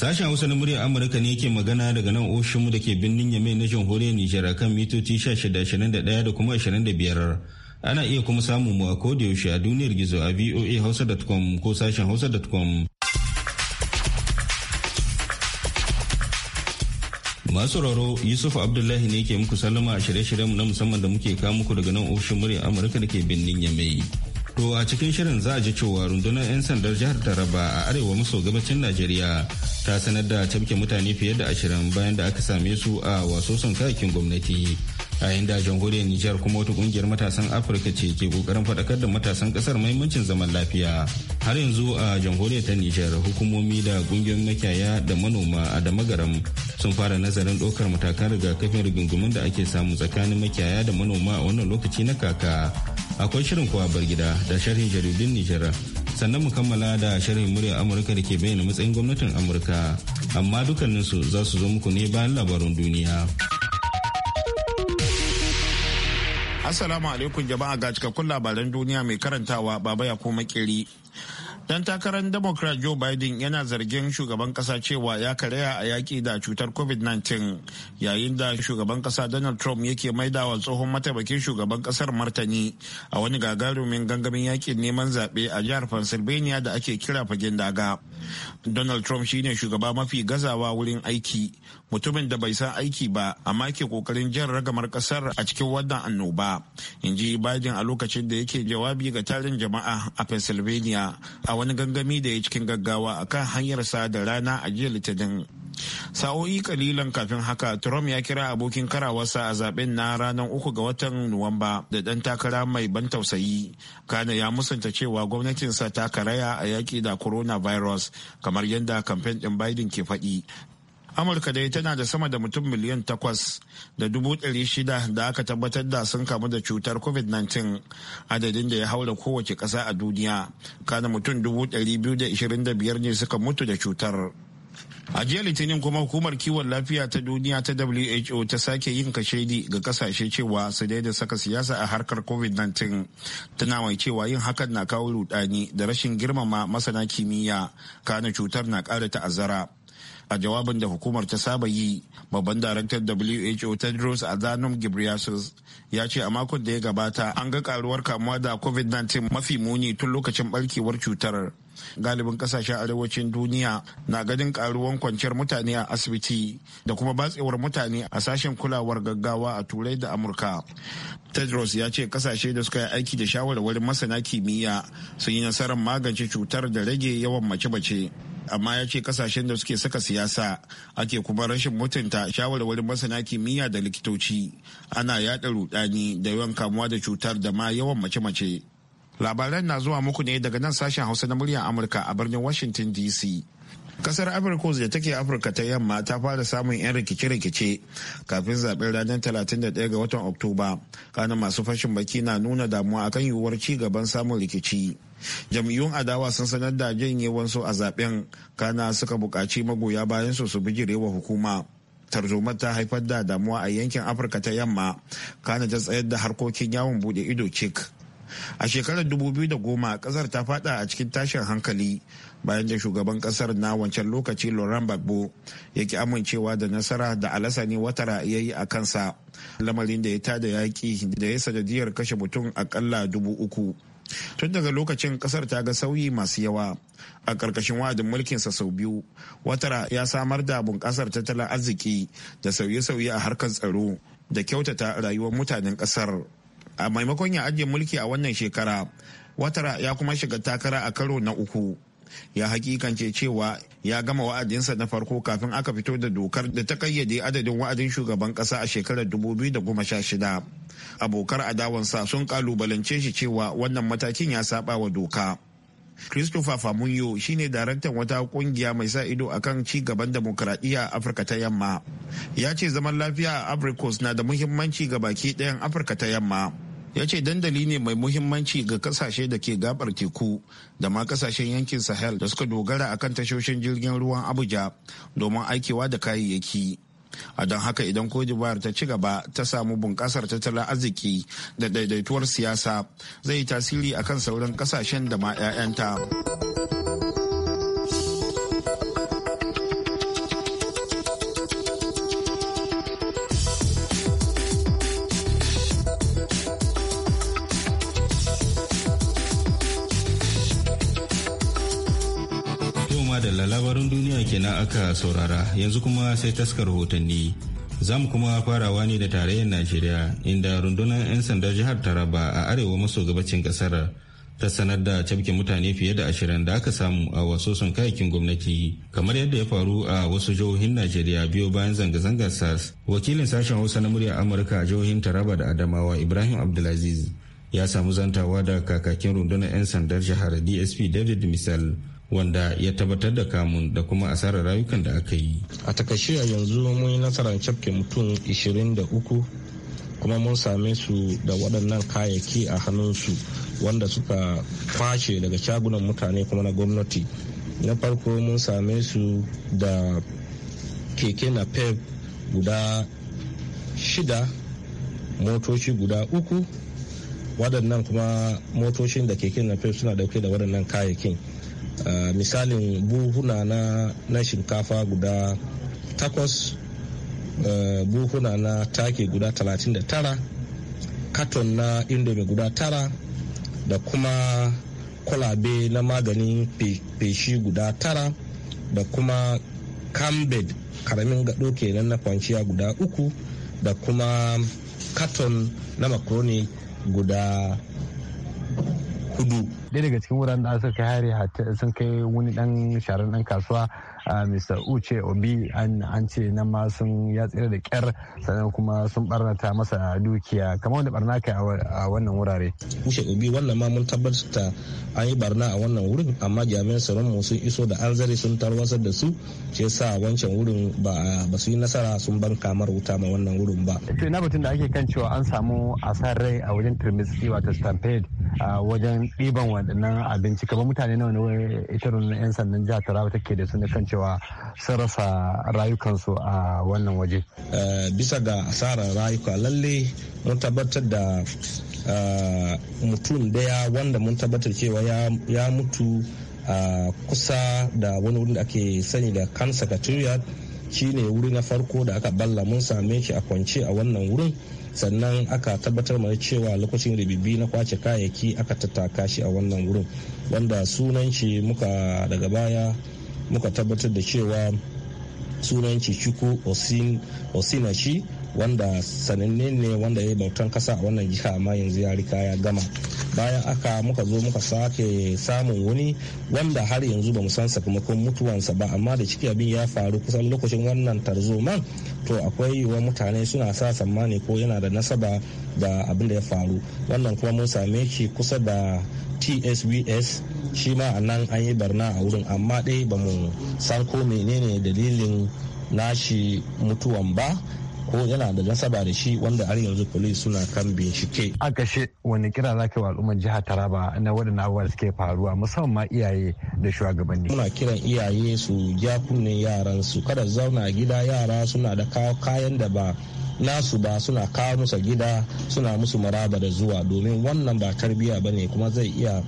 Sashen Hausa na muryar Amurka ne yake magana daga nan ofishinmu da ke birnin Yamai na jamhuriyar Nijar a kan mitoci 1621 da kuma biyar Ana iya kuma samun mu a yaushe a duniyar gizo a voa hausa.com ko sashen hausa.com. Masu raro Yusuf Abdullahi ne ke muku sallama a shirye-shiryen na musamman da muke kawo muku daga nan ofishin murya Amurka da ke birnin Yamai. To a cikin shirin za a ji cewa rundunar 'yan sandar jihar Taraba a arewa maso gabacin Najeriya ta sanar da tafke mutane fiye da ashirin bayan da aka same su a wasosan kayakin gwamnati. A inda jamhuriyar Nijar kuma wata kungiyar matasan Afirka ce ke kokarin faɗakar da matasan ƙasar mahimmancin zaman lafiya. Har yanzu a jamhuriyar ta Nijar hukumomi da kungiyoyin makiyaya da manoma a da magaram sun fara nazarin ɗaukar matakan rigakafin rigingumin da ake samu tsakanin makiyaya da manoma a wannan lokaci na kaka akwai shirin kowa bar gida da sharhin jaridun nijar sannan mu kammala da sharhin murya amurka da ke bayyana matsayin gwamnatin amurka amma dukkaninsu za su zo muku ne bayan labarun duniya assalamu alaikum jama'a ga cikakkun labaran duniya mai karantawa baba ya kuma kiri Dan takarar Democrat Joe Biden yana zargin shugaban kasa cewa ya karaya a yaƙi da cutar COVID-19 yayin da shugaban kasa Donald Trump yake maidawa tsohon mataimakin shugaban kasar martani a wani gagarumin gangamin yaƙin neman zaɓe a jihar Pennsylvania da ake kira fagen daga. Donald Trump shine shugaba mafi gazawa wurin aiki, mutumin da bai san aiki ba amma ke kokarin jan ragamar kasar a cikin wannan annoba, in ji Biden a lokacin da yake jawabi ga tarin jama'a a Pennsylvania a wani gangami da ya cikin gaggawa akan sa da rana a jiya Litinin. sa'o'i kalilan kafin haka trump ya kira abokin karawarsa a zaben na ranar uku ga watan nuwamba da dan takara mai ban tausayi kana ya musanta cewa gwamnatinsa ta karaya a yaki da coronavirus kamar yadda kamfen din biden ke faɗi amurka dai tana da sama da mutum miliyan takwas da dubu ɗari shida da aka tabbatar da sun kamu da cutar covid-19 adadin da ya haura kowace ƙasa a duniya kana mutum dubu ɗari biyu da ishirin da biyar ne suka mutu da cutar A jiya Litinin kuma hukumar kiwon lafiya ta duniya ta WHO ta sake yin kashedi ga kasashe cewa su daida saka siyasa a harkar COVID-19. Tana mai cewa yin hakan na kawo rudani da rashin girmama masana kimiyya kana cutar na ƙara ta'azzara. a jawabin da hukumar ta saba yi babban daraktan who tedros adhanom ghebreyesus ya ce a makon da ya gabata an ga karuwar kamuwa da covid-19 mafi muni tun lokacin barkewar cutar galibin kasashen arewacin duniya na ganin karuwan kwanciyar mutane a asibiti da kuma batsewar mutane a sashen kulawar gaggawa a turai da amurka tedros ya ce kasashe da suka yi aiki da shawarwarin masana kimiyya sun yi nasarar magance cutar da rage yawan mace-mace amma ya ce kasashen da suke saka siyasa ake kuma rashin mutunta shawarwarin masana kimiyya da likitoci ana yada rudani da yawan kamuwa da cutar da ma yawan mace-mace labaran na zuwa muku ne daga nan sashen hausa na muryar amurka a birnin washington dc kasar amurka da take afirka ta yamma ta fara samun 'yan rikice-rikice kafin zaben ranar 31 ga watan oktoba kanan masu fashin baki na nuna damuwa akan yiwuwar ci gaban samun rikici jam'iyyun adawa sun sanar da wasu a zaben kana suka buƙaci magoya bayan su su bijirewa hukuma tarzoma ta haifar da damuwa a yankin afirka ta yamma kana ta tsayar da harkokin yawon bude ido cik a shekarar 2010 kasar ta fada a cikin tashin hankali bayan da shugaban kasar na wancan lokaci laurent gbagbo ya ki amincewa da nasara da alasani watara ya yi a kansa lamarin da ya tada yaƙi da ya sanadiyar kashe mutum akalla dubu uku tun daga lokacin kasar ta ga sauyi masu yawa a ƙarƙashin wa'adin mulkinsa sau biyu watara ya samar da bunƙasar tattalin arziki da sauye-sauye a harkar tsaro da kyautata rayuwar mutanen ƙasar a maimakon ya ajiye mulki a wannan shekara watara ya kuma shiga takara a karo na uku ya hakikance cewa ya gama wa'adinsa na farko kafin aka fito da dokar da ta kayyade adadin wa'adin shugaban kasa a shekarar 2016 abokar adawansa sun kalubalance shi cewa wannan matakin ya saba wa doka christopher famunyo shine daraktan wata kungiya mai sa ido akan ci gaban demokradiyya afirka ta yamma ya ce zaman lafiya a na da muhimmanci ga baki ɗayan afirka ta yamma ya ce dandali ne mai muhimmanci ga kasashe da ke gabar teku da ma kasashen yankin sahel da suka dogara akan tashoshin jirgin ruwan abuja domin aikewa da kayayyaki a don haka idan kodibar ta ci gaba ta samu bunƙasar tattalin arziki da daidaituwar siyasa zai yi tasiri akan sauran kasashen da ma 'ya'yanta. aka saurara yanzu kuma sai taskar rahotanni. Za mu kuma farawa ne da tarayyar Najeriya inda rundunar 'yan sandar jihar Taraba a arewa maso gabacin kasar ta sanar da cafke mutane fiye da ashirin da aka samu a wasu sun kayakin gwamnati kamar yadda ya faru a wasu jihohin najeriya biyo bayan zanga-zangar sars wakilin sashen hausa na murya amurka a jihohin taraba da adamawa ibrahim abdulaziz ya samu zantawa da kakakin rundunar 'yan sandar jihar dsp david misal wanda ya tabbatar da kamun da kuma asarar rayukan da aka yi a takashi a yanzu mun yi nasarar cafke mutum 23 kuma mun same su da waɗannan kayayyaki a hannunsu wanda suka kwashe daga shagunan mutane kuma na gwamnati na farko mun same su da keke na pep guda shida motoci guda uku waɗannan kuma motocin da keke na pep suna dauke da waɗannan kayayyakin Ah, misalin buhuna na, na shinkafa guda takwas ah, buhuna na take guda 39 katon na indomie guda tara da kuma kwalabe na maganin peshi guda tara da kuma cambed karamin gado kenan na kwanciya guda uku da kuma katon na macaroni guda hudu. daya daga cikin wuraren da aka kai hari sun kai wani dan sharar dan kasuwa mr uche obi an ce nan ma sun ya tsira da kyar sannan kuma sun barnata masa dukiya kamar wanda barna ka a wannan wurare uche obi wannan ma mun tabbatar an yi barna a wannan wurin amma jami'an tsaron mu sun iso da an zare sun tarwasar da su ce sa wancan wurin ba su yi nasara sun bar kamar wuta ma wannan wurin ba ce ina batun da ake kan cewa an samu rai a wajen turmitsi wato stampede a wajen ɗiban waɗannan abinci kamar mutane nawa ne ita 'yan sandan jihar taraba take da su ne kan cewa cewa sun rayukansu a wannan waje. Eh, bisa ga asarar rayuka lalle mun tabbatar da eh, mutum daya wanda mun tabbatar cewa ya mutu a eh, kusa da wani wurin da ake sani da kan secretariat shine wuri na farko da aka balla mun same shi a kwance a wannan wurin sannan aka tabbatar mana cewa lokacin ribibi na kwace kayayyaki aka tattaka shi a wannan wurin wanda sunan shi muka daga baya muka tabbatar da cewa sunan cicuku osinachi wanda sananne ne wanda ya yi bautan kasa a wannan jiha amma yanzu ya rika ya gama bayan aka muka zo muka sake samun wani wanda har yanzu ba san sakamakon mutuwansa ba amma da ciki abin ya faru kusan lokacin wannan tarzoman to akwai wa mutane suna sa tsammani ko yana da nasaba da abin da ya faru wannan kuma mun same shi kusa da tsbs shi ma a nan an yi barna a wurin amma dai ba mu san ko menene dalilin nashi mutuwan ba ko yana da nasaba da shi wanda har yanzu police suna kan bincike a kashe wani kira zaka wa al'ummar jihar taraba na waɗannan abubuwa da suke faruwa musamman ma iyaye da shugabanni muna kiran iyaye su ja kunnen yaran su kada zauna gida yara suna da kayan da ba nasu ba suna kawo musu gida suna musu maraba da zuwa domin wannan ba tarbiya ne kuma zai iya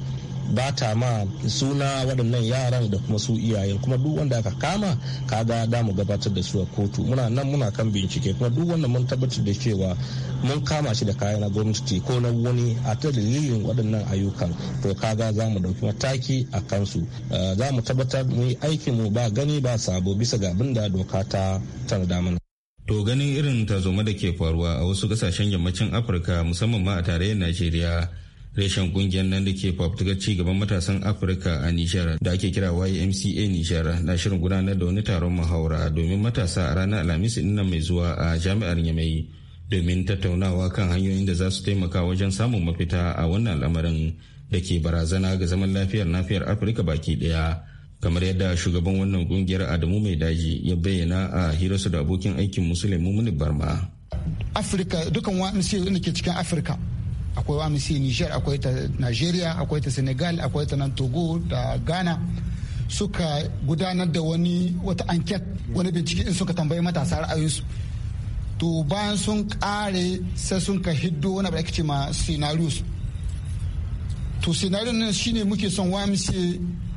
bata ma suna waɗannan yaran da kuma su iyayen kuma duk wanda aka kama kaga da mu gabatar da su a kotu muna nan muna kan bincike kuma duk wanda mun tabbatar da cewa mun kama shi da kayan gwamnati ko na wani a ta dalilin waɗannan ayyukan to kaga za mu ɗauki mataki a kansu eh, za mu tabbatar mu yi aikin mu ba gani ba sabo bisa ga abin da doka ta tanada mana To ganin irin tazoma da ke faruwa a wasu kasashen yammacin Afirka musamman ma a tarayyar Najeriya reshen kungiyar nan da ke fafutukar ci gaban matasan afirka a Nijar da ake kira ymca Nijar na shirin gudanar da wani taron muhawara domin matasa a ranar alhamis nan mai zuwa a jami'ar yamai domin tattaunawa kan hanyoyin da za su taimaka wajen samun mafita a wannan al'amarin da ke barazana ga zaman lafiyar nafiyar afirka baki daya kamar yadda shugaban wannan kungiyar adamu mai daji ya bayyana a hirarsu da abokin aikin musulmi mumuni barma afirka dukan wa'ansu ke cikin afirka akwai amc niger akwai ta nigeria akwai ta senegal akwai ta nan togo da ghana suka gudanar da wani wata anket wani bincike in suka tambayi matasa ra'ayinsu to bayan sun kare sai sun ka hiddo wani abu ake ma scenarios to scenarios nan shine muke son wamse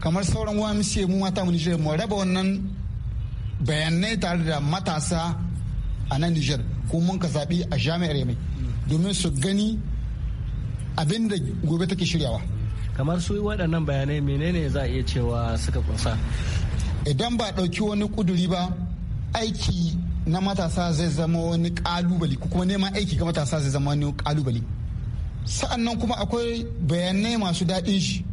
kamar sauran wamse mu mata mu niger mu raba wannan bayanai tare da matasa a nan nijar ko mun ka zaɓi a jami'ar yamai domin su gani abin da gobe take shiryawa kamar su waɗannan bayanai menene za a iya cewa suka kunsa idan ba ɗauki wani ƙuduri ba aiki na matasa zai zama wani ƙalubale ko kuma neman aiki ga matasa zai zama wani ƙalubale sa'annan kuma akwai bayanai masu daɗin shi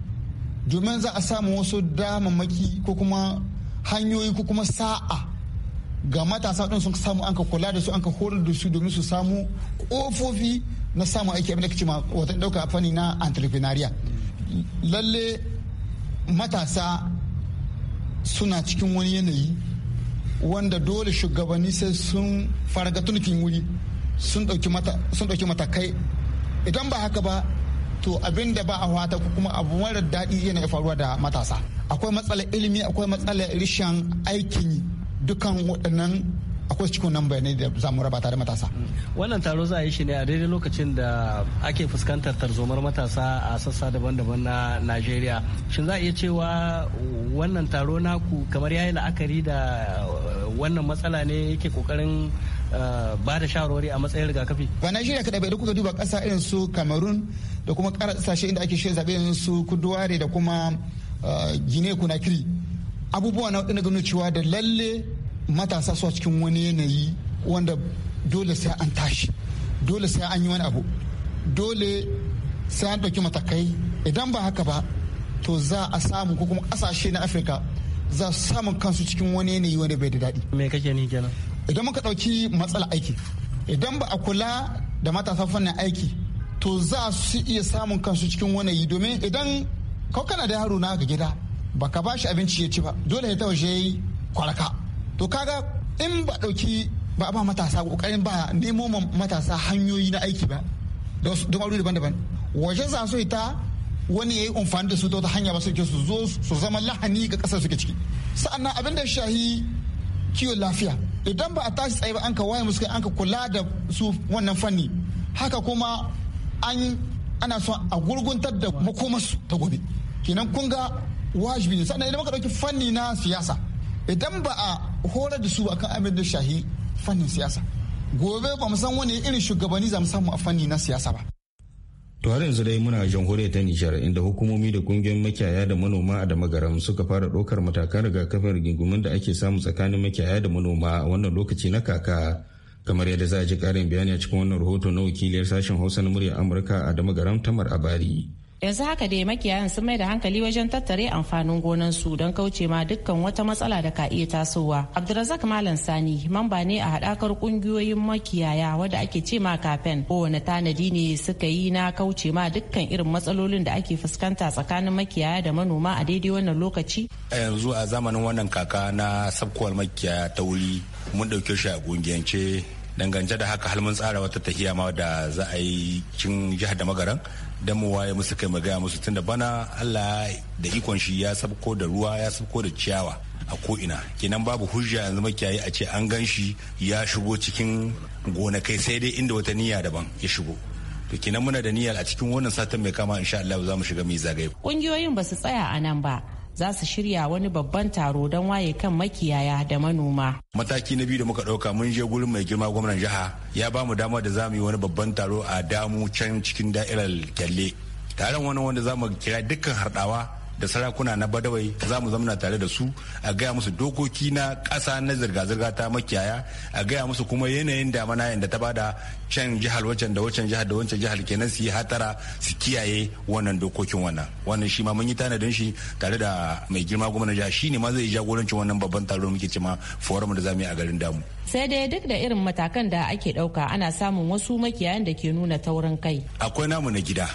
domin za a samu wasu damammaki ko kuma hanyoyi ko kuma sa'a ga matasa ɗin sun samu an ka kula da su an ka horar da su domin su samu ƙofofi na samun aiki abin da kace wata ɗauka fani na entrepreneuria lalle matasa suna cikin wani yanayi wanda dole shugabanni sai sun farga tunkin wuri sun ɗauki matakai idan ba haka ba to abin da ba a wata ko kuma abu mara daɗi yana faruwa da matasa akwai matsalar ilimi akwai matsalar rishin aikin dukkan waɗannan akwai cikin nan bayanai da za mu raba tare matasa. Wannan taro za a yi shi ne a daidai lokacin da ake fuskantar tarzomar matasa a sassa daban-daban na Najeriya. Shin za a iya cewa wannan taro naku kamar yayi la'akari da uh, wannan matsala ne yake kokarin uh, ba da shawarwari a matsayin rigakafi. Ba Najeriya kaɗai bai da kuka duba ƙasa irin su Cameroon da kuma ƙasashe inda ake shirin zaɓe su Kuduware da kuma uh, Guinea Conakry. abubuwa na na gano cewa da lalle matasa su cikin wani yanayi wanda dole sai an tashi dole sai an yi wani abu dole sai an ɗauki matakai idan ba haka ba to za a samu ko kuma ƙasashe na afirka za su samu kansu cikin wani yanayi wanda bai da daɗi me kake ni kenan idan muka ɗauki matsala aiki idan ba a kula da matasa fannin aiki to za su iya samun kansu cikin wani domin idan kau kana da yaro na ga gida baka ba shi abinci ya ci ba dole ya taushe yi kwarka to kaga in ba ɗauki ba ba matasa ƙoƙarin ba nemo matasa hanyoyi na aiki ba don aure daban-daban waje za su ita wani ya yi amfani da su ta wata hanya ba su ke su zo su zama lahani ga ƙasar suke ciki sa'annan abin da shahi kiwon lafiya idan ba a tashi tsaye ba an ka waye musu an ka kula da su wannan fanni haka kuma an ana son a gurguntar da makomarsu ta gobe kenan kun ga wajibi ne sannan idan muka ɗauki fanni na siyasa idan ba a horar da su akan abin da shahi fannin siyasa gobe ba mu san wani irin shugabanni za mu samu a fanni na siyasa ba to har yanzu dai muna jamhuriyar ta nijar inda hukumomi da kungiyoyin makiyaya da manoma a damagaram suka fara ɗaukar matakan rigakafin rigingimun da ake samu tsakanin makiyaya da manoma a wannan lokaci na kaka kamar yadda za a ji ƙarin bayani a cikin wannan rahoto na wakiliyar sashen hausa na murya amurka a damagaram tamar abari yanzu haka dai makiyayan sun mai da hankali wajen tattare amfanin su don kauce ma dukkan wata matsala da ka iya tasowa abdulrazak malam sani mamba ne a haɗakar kungiyoyin makiyaya wadda ake ce ma kafen kowane tanadi ne suka yi na kauce ma dukkan irin matsalolin da ake fuskanta tsakanin makiyaya da manoma a daidai wannan lokaci yanzu a zamanin wannan kaka na sabkowar makiyaya ta wuri mun ɗauke shi a kungiyance dangance da haka har mun tsara wata tahiya ma da za a yi cin jihar da magaran da mu waye musu kai magaya musu tunda bana Allah da ikon shi ya sabko da ruwa ya sabko da ciyawa a ko ina kenan babu hujja yanzu makiyayi a ce an gan shi ya shigo cikin gonakai sai dai inda wata niyya daban ya shigo to kenan muna da niyyar a cikin wannan satin mai kama insha Allah za mu shiga mai zagaye kungiyoyin ba su tsaya a nan ba za su shirya wani babban taro don waye kan makiyaya da manoma. Mataki na biyu da muka ɗauka mun je gurin mai girma gwamnan jiha ya ba mu dama da za mu yi wani babban taro a damu can cikin da'irar kyalle. Taron wani wanda za mu kira dukkan harɗawa da sarakuna na badawai za mu zamana tare da su a gaya musu dokoki na ƙasa na zirga-zirga ta makiyaya a gaya musu kuma yanayin damana yadda ta bada can jihar wancan da wancan jihar da wancan jihar kenan su yi hatara su kiyaye wannan dokokin wannan wannan shi ma mun yi tanadin shi tare da mai girma gwamnan jiha shi ne ma zai jagorancin wannan babban taron muke ma forum da zamu yi a garin damu sai dai duk da irin matakan da ake ɗauka ana samun wasu makiyayan da ke nuna taurin kai akwai namu na gida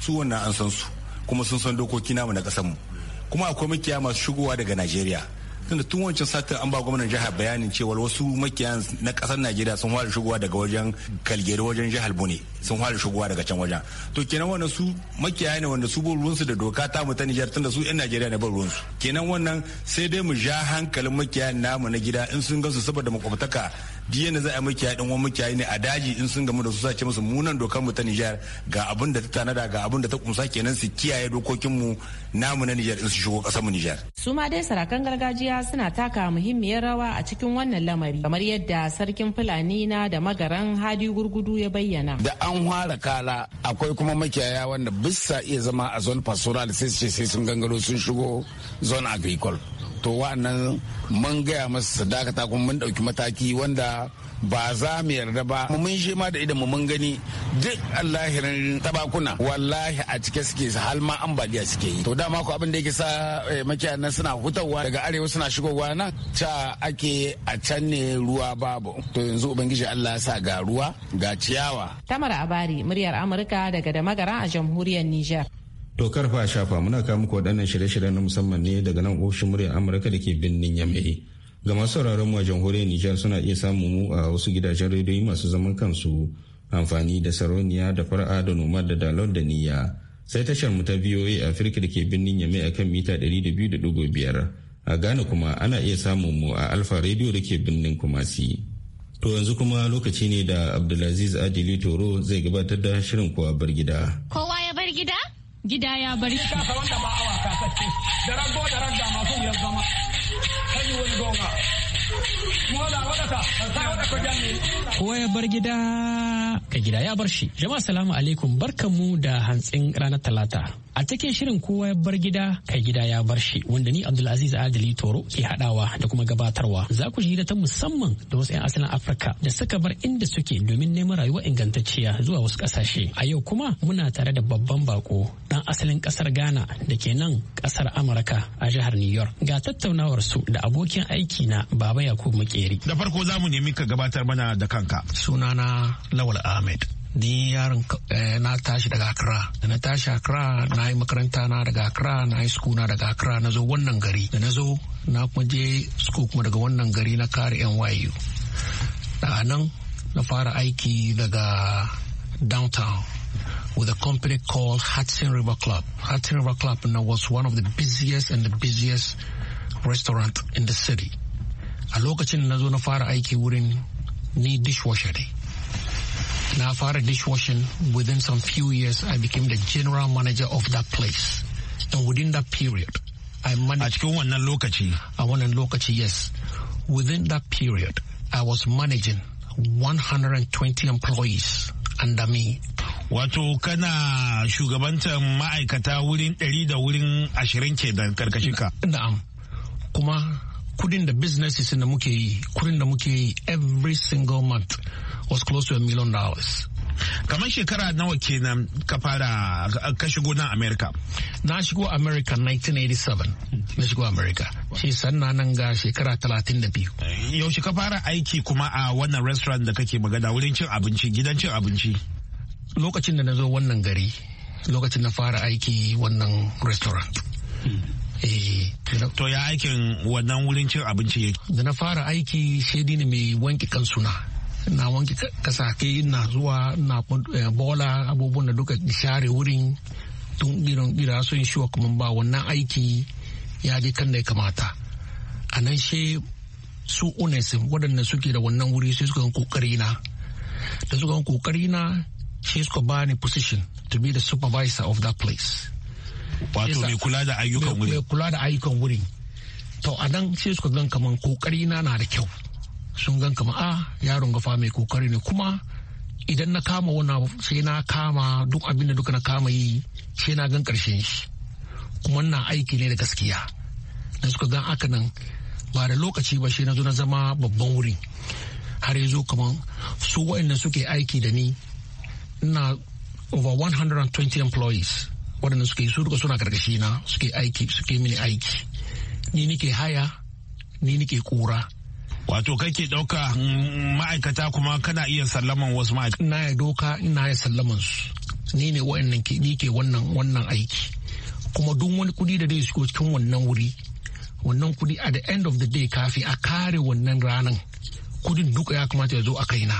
su wannan an san su kuma sun san dokoki namu na kasanmu kuma akwai makiya masu shigowa daga Najeriya tunda tun wancan satin an ba gwamnan jihar bayanin cewa wasu makiyan na kasar najeriya sun fara shigowa daga wajen kalgeri wajen jihar bune sun fara shigowa daga can wajen to kenan wannan su makiyaya ne wanda su bar ruwansu da doka ta mu ta nijar tunda su yan najeriya ne bar ruwansu kenan wannan sai dai mu ja hankalin makiyayan namu na gida in sun gansu saboda makwabtaka jiya da za a makiya ɗan wani makiyayi ne a daji in sun gamu da su sace musu munan dokar mu ta Nijar ga abin da ta tanada ga abin da ta kumsa kenan su kiyaye dokokin mu namu na Nijar in su shigo ƙasar mu Nijar su ma dai sarakan gargajiya suna taka muhimmiyar rawa a cikin wannan lamari kamar yadda sarkin Fulani na da magaran Hadi Gurgudu ya bayyana da an fara kala akwai kuma makiyaya wanda bisa iya zama a zone pastoral sai sai sun gangaro sun shigo zone agricole to wa'annan mun gaya masa sadakata kuma mun ɗauki mataki wanda ba za mu yarda ba mun shi ma da idan mun gani duk allahirin tabakuna wallahi a cike suke su halma ambaliya suke yi to dama ku abin da yake sa eh, makiya suna hutawa daga arewa suna shigowa na. ta ake a can ne ruwa babu to yanzu ubangiji Allah ya sa ga ruwa ga ciyawa tamara abari muryar amurka daga da magara a jamhuriyar niger To karfa shafa muna kawo muku waɗannan shirye-shiryen na musamman ne daga nan ofishin muryar Amurka da ke birnin Yamai. Ga masu sauraron mu a jamhuriyar Nijar suna iya samun mu a wasu gidajen rediyoyi masu zaman kansu amfani da sarauniya da fara'a da noma da dalon da niyya. Sai tashar mu ta VOA Afirka da ke birnin Yamai kan mita 200.5 a Ghana kuma ana iya samun mu a Alfa Radio da ke birnin Kumasi. To yanzu kuma lokaci ne da Abdulaziz Adili Toro zai gabatar da shirin kowa bar gida. Kowa gida ya bari ka ya Kowa ya bar gida ka gida ya bar shi. Jama'a salamu alaikum barkanmu da hantsin ranar talata. A cikin shirin kowa ya bar gida kai gida ya bar shi wanda ni Abdulaziz Adali Toro ke hadawa da kuma gabatarwa. Za ku ji ta musamman da wasu 'yan asalin Afirka da suka bar inda suke domin neman rayuwa ingantacciya zuwa wasu kasashe. A yau kuma muna tare da babban bako dan asalin kasar Ghana da ke nan kasar Amurka a jihar New York. Ga tattaunawar su da abokin aiki na Baba Yakubu Makeri. Da farko za mu nemi ka gabatar mana da kanka. Sunana Lawal Ahmed. ni yaron eh, na tashi daga Accra da na tashi Accra na yi makaranta na daga Accra na yi school na daga Accra na zo wannan gari da na zo na kuma je school kuma daga wannan gari na kare NYU daga nan na fara aiki daga downtown with a company called Hudson River Club. Hudson River Club now was one of the busiest and the busiest restaurant in the city. A lokacin na zo na fara aiki wurin ni dishwasher ne. na fara dishwashing within some few years I became the general manager of that place and within that period I managed a cikin wannan lokaci a wannan lokaci yes within that period I was managing 120 employees under me wato kana shugabantar ma'aikata wurin 100 da wurin 20 ke da karkashinka. na'am kuma kudin da businesses da muke yi kudin da muke yi every single month was close to a million dollars kamar shekara nawa kenan ka fara ka shigo nan america na shigo america 1987 na shigo america shi sannan nan ga shekara 32 yaushe ka fara aiki kuma a wannan restaurant da kake magana wurin cin abinci gidan cin abinci lokacin da na zo wannan gari lokacin na fara aiki wannan restaurant Eh, to ya aikin wannan wurin cin abinci ya Da na fara aiki shaidi ne mai wanke kansuna. na wanke kasake na zuwa na eh, bola abubuwan da duka share wurin tun irin ira sun shiwa kuma ba wannan aiki ya je kan da ya kamata a nan she su unesim waɗanda suke da wannan wuri sai suka kokari na da suka kokari na shi suka ba ni position to be the supervisor of that place wato mai kula da ayyukan wuri mai kula da ayyukan wuri to a nan sai suka gan kaman kokari na na da kyau sun gan kaman a ah, yaron gafa mai kokari ne kuma idan na kama wannan sai na kama duk abin da duka na kama yi sai na gan karshen shi kuma na aiki ne da gaskiya da suka gan aka nan ba da lokaci ba shi na zo na zama babban wuri har ya zo kaman su waɗanda suke aiki da ni na over 120 employees waɗanda suke su duka suna karkashi na suke aiki suke mini aiki ni nike haya ni nike kura wato kake ɗauka mm, ma'aikata kuma kana iya sallaman wasu ma'aikata na ya doka ina ya sallaman su ni ne wa'annan ke ni ke wannan wannan aiki kuma duk wani kudi da zai shigo cikin wannan wuri wannan kudi at the end of the day kafi a kare wannan ranan kudin duka ya kamata ya zo a kaina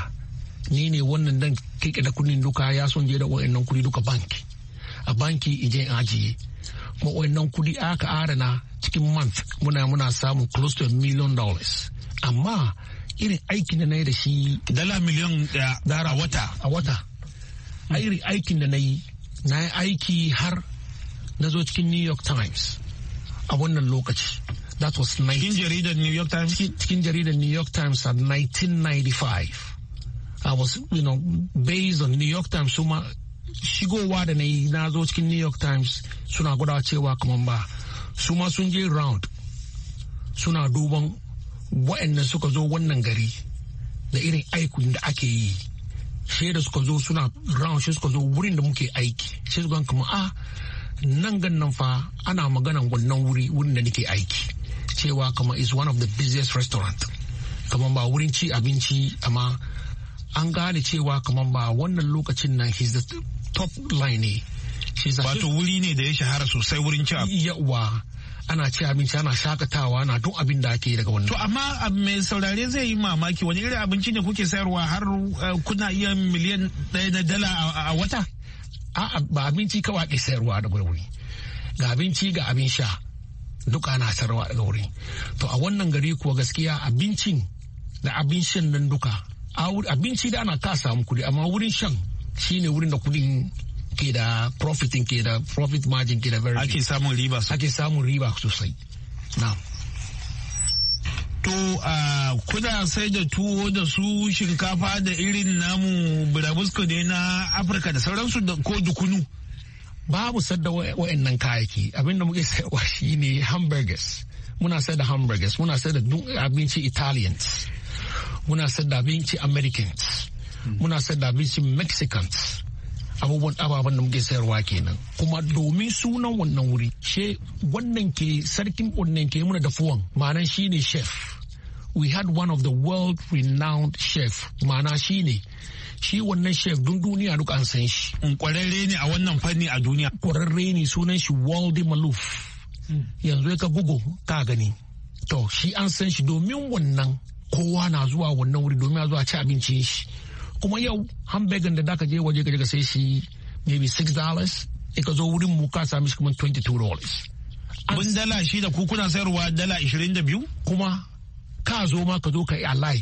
ni ne wannan dan kike da kudin duka ya son je da wa'annan kudi duka banki a banki idan ajiye kuma wannan kudi aka arana cikin month muna muna samun close to a million dollars amma irin aikin da na yi da shi dala miliyan dara wata a wata a irin aikin da na yi na yi aiki har na zo cikin new york times a wannan lokaci that was cikin jaridar new york times cikin jaridar new york times a 1995 i was you know based on new york times suma shigowa da na yi na zo cikin new york times suna gwadawa cewa kamar ba su ma sun je round suna duban waɗannan suka zo wannan gari da irin aikin da ake yi shi da suka zo suna round shi suka zo wurin da muke aiki shi suka kuma a ah, nan gannan fa ana maganan wannan wuri wurin da nake aiki cewa kama is one of the busiest restaurant kamar ba wurin ci abinci amma an gane cewa kamar ba wannan lokacin nan he's the top line ne wato wuri ne da ya shahara sosai wurin ci abinci yawa ana ci abinci ana shakatawa ana duk abin da ake daga wannan to amma mai saurare zai yi mamaki wani irin abinci ne kuke sayarwa har eh, kuna iya miliyan ɗaya na dala a wata a'a ba abinci kawai ake sayarwa da wuri ga abinci ga abin sha duka ana sayarwa daga wuri to a wannan gari kuwa gaskiya abincin da abin shan nan duka abinci da ana ka samu kuɗi amma wurin shan shine wurin da kudin ke da profitin ke da profit margin ke da very ake samun riba sosai ake samun riba sosai na to a kuna sai da tuwo da su shinkafa da irin namu burabusko ne na afirka da sauransu ko dukunu babu sadda wa'annan kayaki abinda muke sayarwa shine hamburgers muna sayar da hamburgers muna sayar da abinci italians muna sayar da abinci americans muna sayar da abincin mexicans abubuwan ababen da muke sayarwa kenan kuma domin sunan wannan wuri she wannan ke sarkin wannan ke muna dafuwan ma'ana shi ne chef we had one of the world renowned chef ma'ana shi ne shi wannan chef dun duniya duk an san shi kwararre ne a wannan fanni a duniya kwararre ne sunan shi Waldi Maluf hmm. yanzu ya ka bugu ka gani to shi an san shi domin wannan kowa na zuwa wannan wuri domin a zuwa ci abincin shi kuma yau hamburger da daka je waje ka sai shi maybe six dollars e ka zo wurin mu ka sami shi kuma two dollars mun dala shi da kuna sayarwa dala ishirin da biyu. kuma ka zo ma ka zo ka yi a lai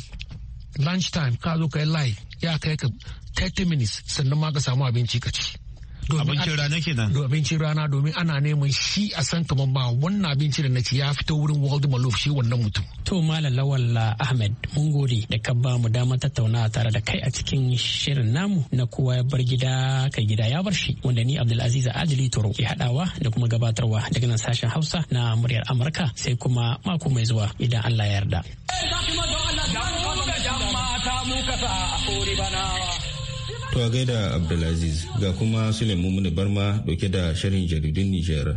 lunch time ka zo ka yi lai ya kai ka thirty minutes sannan ma ka samu abinci ka ci abincin rana kenan abincin rana domin ana neman shi a san kamar ba wannan abinci da na ci ya fito wurin world maloof shi wannan mutum to malam lawalla ah, ahmed mun gode da ka ba mu damar tattaunawa tare da kai a cikin shirin namu na kowa ya bar gida kai gida ya bar shi wanda ni abdulaziz adili toro ke hadawa da kuma gabatarwa daga nan sashen hausa na muryar amurka sai kuma mako mai zuwa idan allah ya yarda. Mu ka ba To a gaida Abdulaziz ga kuma Suleiman Mumuni Barma dauke da shirin jaridun Nijar.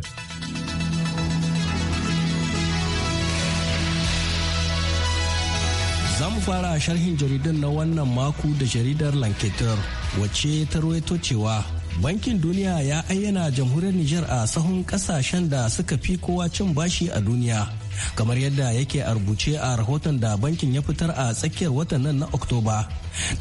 zamu fara sharhin jaridun na wannan mako da jaridar Lanketer wacce ta ruwaito cewa Bankin Duniya ya ayyana jamhuriyar Nijar a sahun kasashen da suka fi kowa cin bashi a duniya. kamar yadda yake a rubuce a rahoton da bankin ya fitar a tsakiyar watan nan na oktoba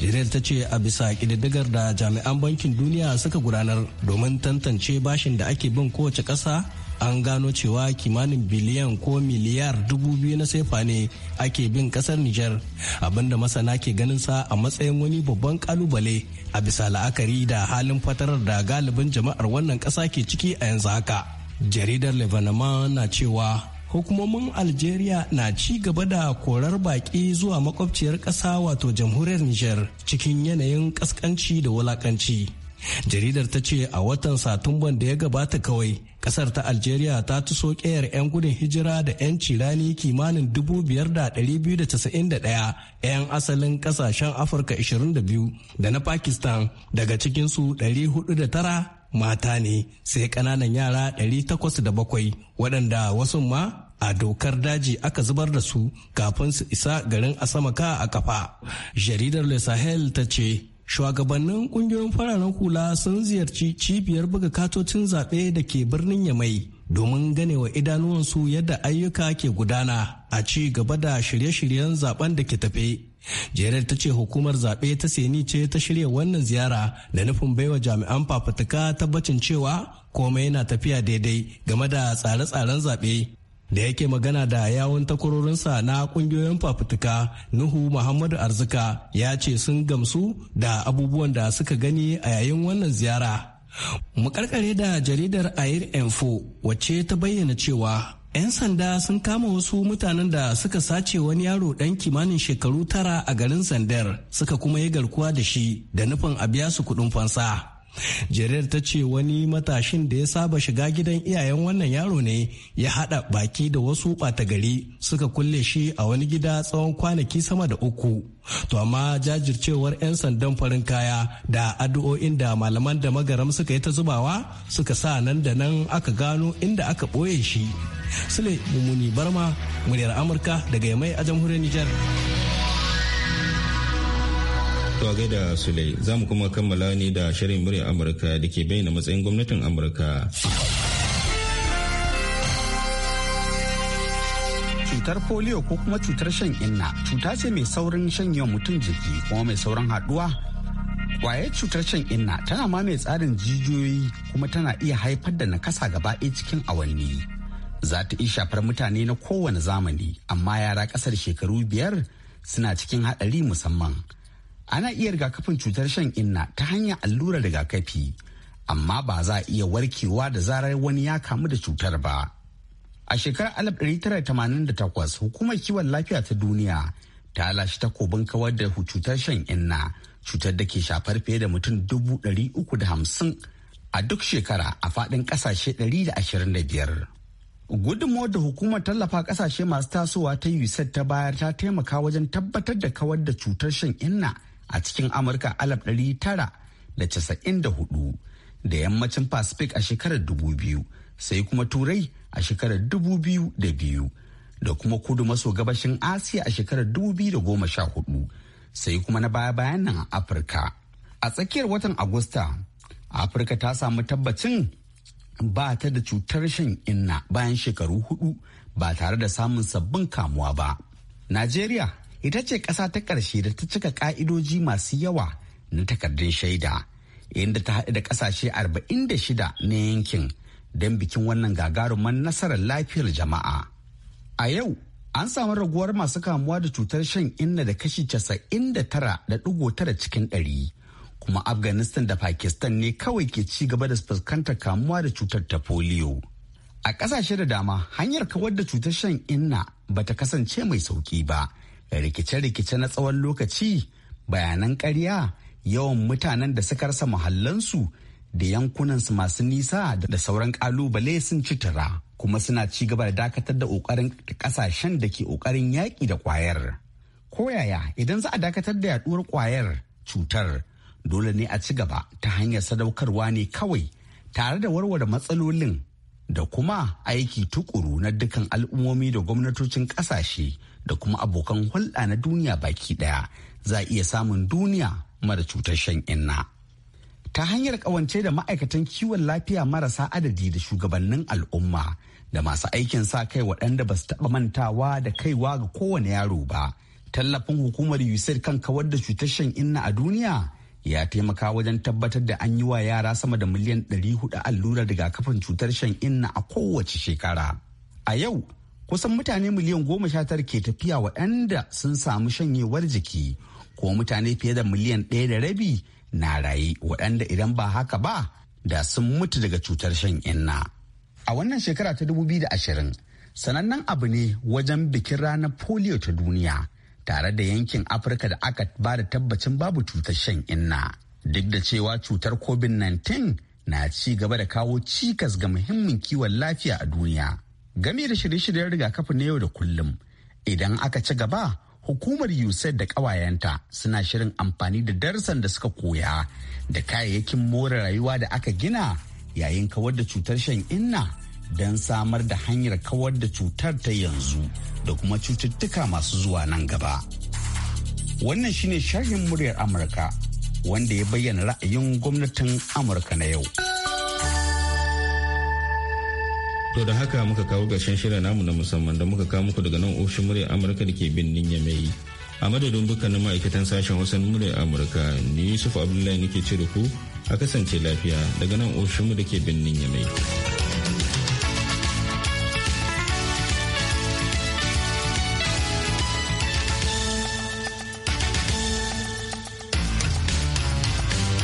Direl ta ce a bisa ƙididdigar da jami'an bankin duniya suka gudanar domin tantance bashin da ake bin kowace ƙasa an gano cewa kimanin biliyan ko miliyar dubu biyu na sefa ne ake bin kasar Nijar abinda masana ke ganin sa a matsayin wani babban kalubale a bisa la'akari da halin fatarar da galibin jama'ar wannan ƙasa ke ciki a yanzu haka. Jaridar Lebanon na cewa hukumomin algeria na ci gaba da korar baƙi zuwa makwabciyar ƙasa wato jamhuriyar niger cikin yanayin ƙasƙanci da wulaƙanci jaridar ta ce a watan satumban da ya gabata kawai ƙasar ta algeria ta tuso ƙeyar 'yan gudun hijira da 'yan cirani kimanin 5,291 'yan asalin ƙasashen afirka 22 da na pakistan daga cikinsu 409 mata ne sai ƙananan yara 807 waɗanda wasu ma a dokar daji aka zubar da su kafin su isa garin asamaka a kafa jaridar le sahel ta ce shugabannin kungiyoyin fararen hula sun ziyarci cibiyar buga katocin zaɓe da ke birnin yamai domin gane wa idanuwansu yadda ayyuka ke gudana a ci gaba da shirye-shiryen zaben da ke tafe jerar ta ce hukumar zaɓe ta seni ce ta shirya wannan ziyara da nufin baiwa jami'an fafutuka tabbacin cewa komai na tafiya daidai game da tsare-tsaren zaɓe da yake magana da yawon takwarorinsa na kungiyoyin fafutuka nuhu muhammadu arzika ya ce sun gamsu da abubuwan da suka gani a yayin wannan ziyara makarkare da jaridar air info wacce ta bayyana cewa 'yan sanda sun kama wasu mutanen da suka sace wani yaro ɗan kimanin shekaru tara a garin sandar, suka kuma yi garkuwa da shi da nufin a biya su kudin fansa jerel ta ce wani matashin da ya saba shiga gidan iyayen wannan yaro ne ya hada baki da wasu ɓata gari suka kulle shi a wani gida tsawon kwanaki sama da uku to amma jajircewar 'yan sandan farin kaya da addu'o'in da malaman da magaram suka yi ta zubawa suka sa nan da nan aka gano inda aka ɓoye shi sule mummuni barma muryar amurka daga yamai a jamhuriyar nijar To gaida Sule za mu kuma kammala ne da shirin murya Amurka da ke bayyana matsayin gwamnatin Amurka. cutar polio ko kuma cutar shan inna cuta ce mai saurin shan shanyewa mutum jiki kuma mai saurin haduwa kwayar cutar shan inna tana ma mai tsarin jijiyoyi kuma tana iya haifar da nakasa gaba ɗaya cikin awanni za ta iya shafar mutane na kowane zamani amma yara ƙasar shekaru biyar suna cikin haɗari musamman ana iya rigakafin cutar shan inna ta hanyar allurar rigakafi amma ba za a iya warkewa da zarar wani ya kamu da cutar ba a shekarar 1988 hukumar kiwon lafiya ta duniya ta lashe takobin kawar da cutar shan inna cutar da ke shafar fiye da mutum 350 a duk shekara a faɗin ƙasashe 125 gudunmawar da hukumar tallafa kasashe masu tasowa ta usaid ta bayar ta taimaka wajen tabbatar da kawar da cutar shan inna a cikin amurka alaf ɗari tara da casa'in da hudu da yammacin pacific a shekarar dubu sai kuma turai a shekarar dubu biyu da kuma kudu maso gabashin asiya a shekarar dubu da goma sha hudu sai kuma na baya bayan nan a afirka a tsakiyar watan agusta afirka ta samu tabbacin ba ta da cutar shan inna bayan shekaru hudu ba tare da samun sabbin kamuwa ba najeriya ita ce ƙasa ta ƙarshe da ta cika ƙa'idoji masu yawa na takardun shaida inda ta haɗu da ƙasashe 46 na yankin don bikin wannan gagarumar nasarar lafiyar jama'a. A yau an samu raguwar masu kamuwa da cutar shan inna da kashi 99.9 cikin ɗari, kuma Afghanistan da Pakistan ne kawai ke ci gaba da fuskantar kamuwa da cutar ta polio. A ƙasashe da dama hanyar kawar da cutar shan inna bata kasance mai sauki ba. rikice-rikice na tsawon lokaci bayanan ƙarya yawan mutanen da suka rasa mahallansu da yankunansu masu nisa da sauran ƙalubale sun ci tura kuma suna ci gaba da dakatar da ƙoƙarin ƙasashen da ke ƙoƙarin yaƙi da ƙwayar. Koyaya idan za a dakatar da yaɗuwar ƙwayar cutar dole ne a ci gaba ta hanyar sadaukarwa ne kawai tare da warware matsalolin da kuma aiki tukuru na dukkan al'ummomi da gwamnatocin kasashe. da kuma abokan hulɗa na duniya baki ɗaya za iya samun duniya mara cutar shan inna. Ta hanyar ƙawance da ma'aikatan kiwon lafiya marasa adadi da shugabannin al'umma da masu aikin sa kai waɗanda ba su taɓa mantawa da kaiwa ga kowane yaro ba. Tallafin hukumar USAID kan kawar da cutar shan inna a duniya ya taimaka wajen tabbatar da an yi wa yara sama da miliyan 400 allurar rigakafin cutar shan inna a kowace shekara. A yau, kusan mutane miliyan goma sha tara ke tafiya waɗanda sun samu shanyewar jiki, ko mutane fiye da miliyan ɗaya da rabi na raye waɗanda idan ba haka ba da sun mutu daga cutar shan inna. A wannan shekara ta dubu da ashirin, sanannen abu ne wajen bikin ranar polio ta duniya. tare da yankin afirka da aka ba da tabbacin babu cutar shan inna duk da cewa cutar covid-19 na ci gaba da kawo cikas ga muhimmin kiwon lafiya a duniya game da shirye-shiryen rigakafi na yau da kullum idan aka ci gaba hukumar usaid da ƙawayenta suna shirin amfani da darsan da suka koya da kayayyakin more rayuwa da aka gina yayin kawar da cutar shan inna don samar da hanyar kawar da cutar ta yanzu da kuma cututtuka masu zuwa nan gaba. Wannan shine sharhin muryar Amurka wanda ya bayyana ra'ayin gwamnatin Amurka na yau. To da haka muka kawo ƙarshen shirin namu na musamman da muka kawo muku daga nan ofishin muryar Amurka da ke birnin Yamai. A madadin dukkanin ma'aikatan sashen wasan muryar Amurka ni Yusuf Abdullahi nake ce da ku a kasance lafiya daga nan mu da ke birnin Yamai.